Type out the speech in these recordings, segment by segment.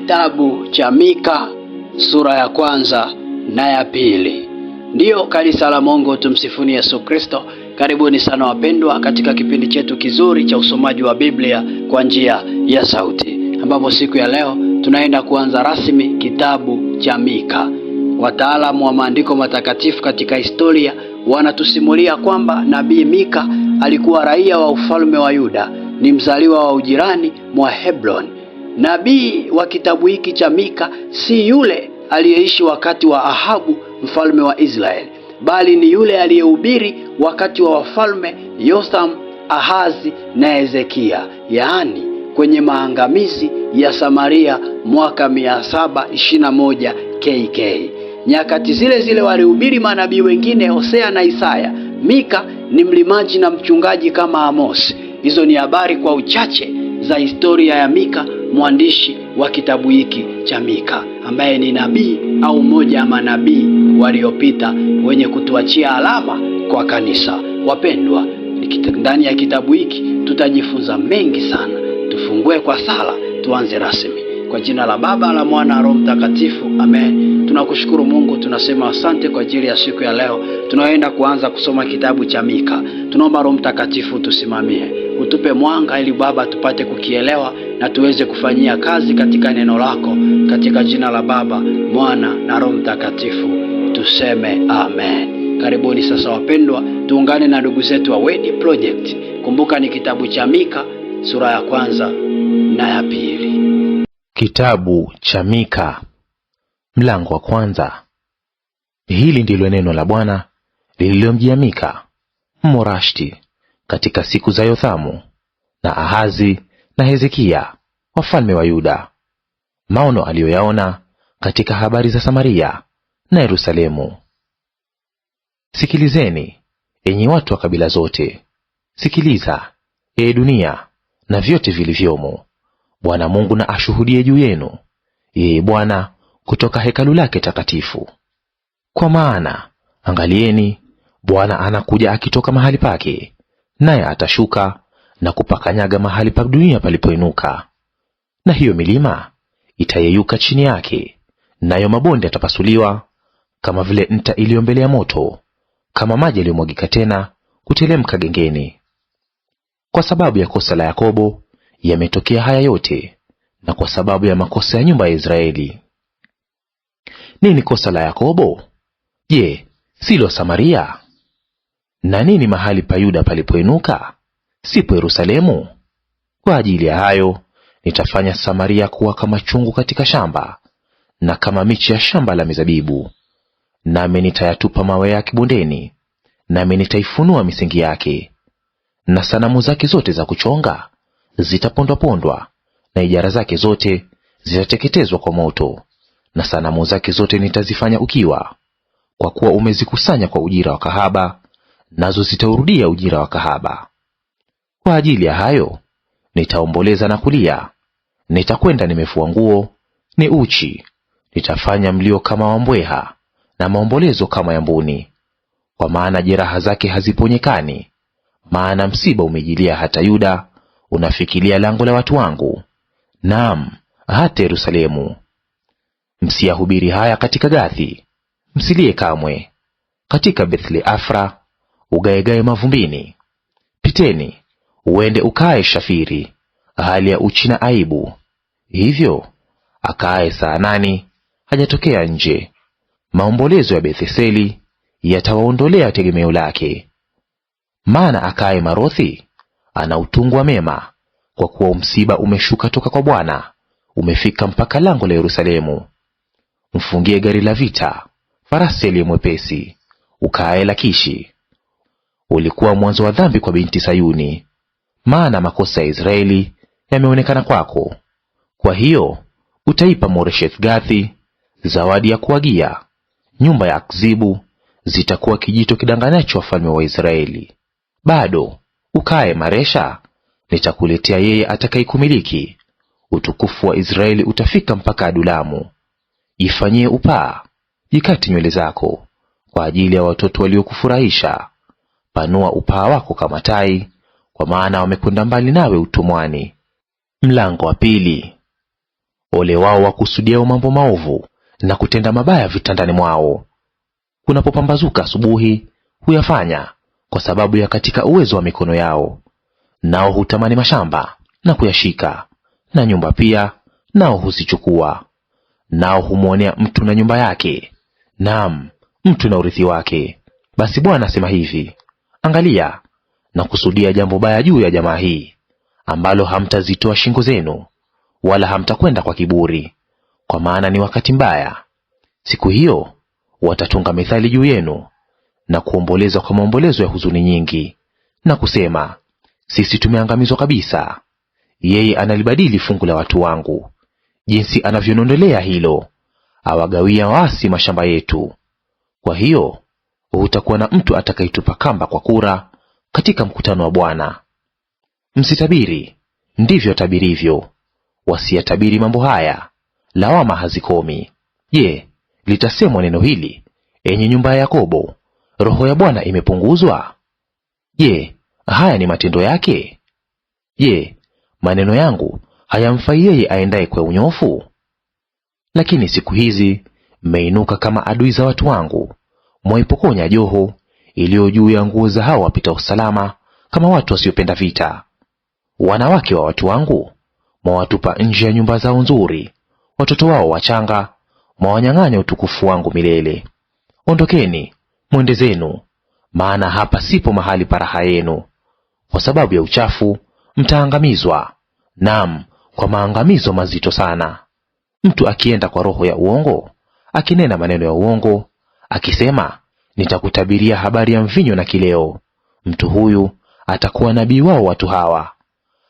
kitabu cha Mika sura ya kwanza na ya pili. Ndiyo kanisa la Mungu, tumsifuni Yesu Kristo. Karibuni sana wapendwa, katika kipindi chetu kizuri cha usomaji wa Biblia kwa njia ya sauti, ambapo siku ya leo tunaenda kuanza rasmi kitabu cha Mika. Wataalamu wa maandiko matakatifu katika historia wanatusimulia kwamba nabii Mika alikuwa raia wa ufalme wa Yuda, ni mzaliwa wa ujirani mwa Hebron Nabii wa kitabu hiki cha Mika si yule aliyeishi wakati wa Ahabu mfalme wa Israeli, bali ni yule aliyehubiri wakati wa wafalme Yotham, Ahazi na Ezekia, yaani kwenye maangamizi ya Samaria mwaka 721 KK. Nyakati zile zile walihubiri manabii wengine Hosea na Isaya. Mika ni mlimaji na mchungaji kama amos Hizo ni habari kwa uchache za historia ya Mika mwandishi wa kitabu hiki cha Mika ambaye ni nabii au mmoja wa manabii waliopita wenye kutuachia alama kwa kanisa. Wapendwa, ndani ya kitabu hiki tutajifunza mengi sana. Tufungue kwa sala, tuanze rasmi. Kwa jina la Baba la Mwana Roho Mtakatifu, amen. Tunakushukuru Mungu, tunasema asante kwa ajili ya siku ya leo tunaoenda kuanza kusoma kitabu cha Mika. Tunaomba Roho Mtakatifu tusimamie utupe mwanga, ili Baba tupate kukielewa na tuweze kufanyia kazi katika neno lako, katika jina la Baba, Mwana na Roho Mtakatifu tuseme amen. Karibuni sasa wapendwa, tuungane na ndugu zetu wa Wedi Project. Kumbuka ni kitabu cha Mika sura ya kwanza na ya pili. Kitabu cha Mika mlango wa kwanza. Hili ndilo neno la Bwana lililomjia Mika Mmorashi katika siku za Yothamu na Ahazi na Hezekia wafalme wa Yuda, maono aliyoyaona katika habari za Samaria na Yerusalemu. Sikilizeni enyi watu wa kabila zote, sikiliza ee dunia na vyote vilivyomo. Bwana Mungu na ashuhudie juu yenu, yeye Bwana kutoka hekalu lake takatifu. Kwa maana angalieni, Bwana anakuja akitoka mahali pake, naye atashuka na kupakanyaga mahali pa dunia palipoinuka. Na hiyo milima itayeyuka chini yake, nayo mabonde yatapasuliwa kama vile nta iliyo mbele ya moto, kama maji yaliyomwagika tena kutelemka gengeni. Kwa sababu ya kosa la Yakobo yametokea haya yote, na kwa sababu ya makosa ya nyumba ya Israeli. Nini kosa la Yakobo? Je, silo Samaria? Na nini mahali pa Yuda palipoinuka? Sipo Yerusalemu? Kwa ajili ya hayo nitafanya Samaria kuwa kama chungu katika shamba, na kama michi ya shamba la mizabibu. Nami nitayatupa mawe yake bondeni, nami nitaifunua misingi yake. Na sanamu zake zote za kuchonga zitapondwapondwa, na ijara zake zote zitateketezwa kwa moto, na sanamu zake zote nitazifanya ukiwa, kwa kuwa umezikusanya kwa ujira wa kahaba nazo zitaurudia ujira wa kahaba. Kwa ajili ya hayo nitaomboleza na kulia, nitakwenda nimefua nguo, ni uchi, nitafanya mlio kama wa mbweha na maombolezo kama ya mbuni, kwa maana jeraha zake haziponyekani, maana msiba umejilia hata Yuda, unafikilia lango la watu wangu, naam hata Yerusalemu. Msiyahubiri haya katika Gathi, msilie kamwe; katika Afra, ugaegae mavumbini. Piteni uende ukae Shafiri, hali ya uchi na aibu. Hivyo akaaye Saanani hajatokea nje. Maombolezo ya Betheseli yatawaondolea tegemeo lake. Maana akaye Marothi ana utungwa mema, kwa kuwa msiba umeshuka toka kwa Bwana, umefika mpaka lango la Yerusalemu. Mfungie gari la vita, farasi aliye mwepesi, ukaaye Lakishi ulikuwa mwanzo wa dhambi kwa binti Sayuni, maana makosa ya Israeli yameonekana kwako. Kwa hiyo utaipa Moresheth-Gathi zawadi ya kuagia, nyumba ya Akzibu zitakuwa kijito kidanganyacho wafalme wa Israeli. Bado ukae Maresha, nitakuletea yeye atakayekumiliki. Utukufu wa Israeli utafika mpaka Adulamu. Ifanyie upaa, jikati nywele zako kwa ajili ya watoto waliokufurahisha panua upaa wako kama tai, kwa maana wamekwenda mbali nawe utumwani. Mlango wa pili. Ole wao wakusudiao mambo maovu na kutenda mabaya vitandani mwao. Kunapopambazuka asubuhi huyafanya kwa sababu ya katika uwezo wa mikono yao. Nao hutamani mashamba na kuyashika, na nyumba pia nao huzichukua. Nao humwonea mtu na nyumba yake, naam mtu na urithi wake. Basi Bwana asema hivi, Angalia na kusudia jambo baya juu ya jamaa hii, ambalo hamtazitoa shingo zenu, wala hamtakwenda kwa kiburi, kwa maana ni wakati mbaya. Siku hiyo watatunga methali juu yenu na kuomboleza kwa maombolezo ya huzuni nyingi, na kusema, sisi tumeangamizwa kabisa. Yeye analibadili fungu la watu wangu, jinsi anavyonondolea hilo, awagawia waasi mashamba yetu. Kwa hiyo hutakuwa na mtu atakayetupa kamba kwa kura katika mkutano wa Bwana. Msitabiri, ndivyo tabirivyo wasiyatabiri mambo haya, lawama hazikomi. Je, litasemwa neno hili, enye nyumba ya Yakobo, roho ya Bwana imepunguzwa? Je, haya ni matendo yake? Je, maneno yangu hayamfai yeye aendaye kwa unyofu? Lakini siku hizi mmeinuka kama adui za watu wangu, mwaipokonya joho iliyo juu ya nguo za hao wapita usalama, kama watu wasiopenda vita. Wanawake wa watu wangu mwawatupa nje ya nyumba zao nzuri, watoto wao wachanga mwawanyang'anya utukufu wangu milele. Ondokeni mwende zenu, maana hapa sipo mahali pa raha yenu. Kwa sababu ya uchafu mtaangamizwa, nam kwa maangamizo mazito sana. Mtu akienda kwa roho ya uongo akinena maneno ya uongo, akisema, nitakutabiria habari ya mvinyo na kileo; mtu huyu atakuwa nabii wao watu hawa.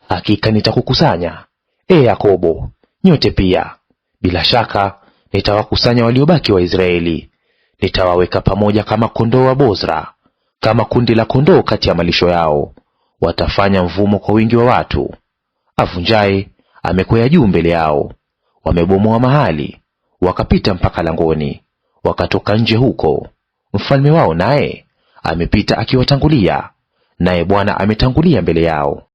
Hakika nitakukusanya, e Yakobo, nyote pia; bila shaka nitawakusanya waliobaki wa Israeli. Nitawaweka pamoja kama kondoo wa Bozra, kama kundi la kondoo kati ya malisho yao. Watafanya mvumo kwa wingi wa watu. Avunjaye amekwea juu mbele yao; wamebomoa mahali, wakapita mpaka langoni wakatoka nje huko. Mfalme wao naye amepita akiwatangulia, naye Bwana ametangulia mbele yao.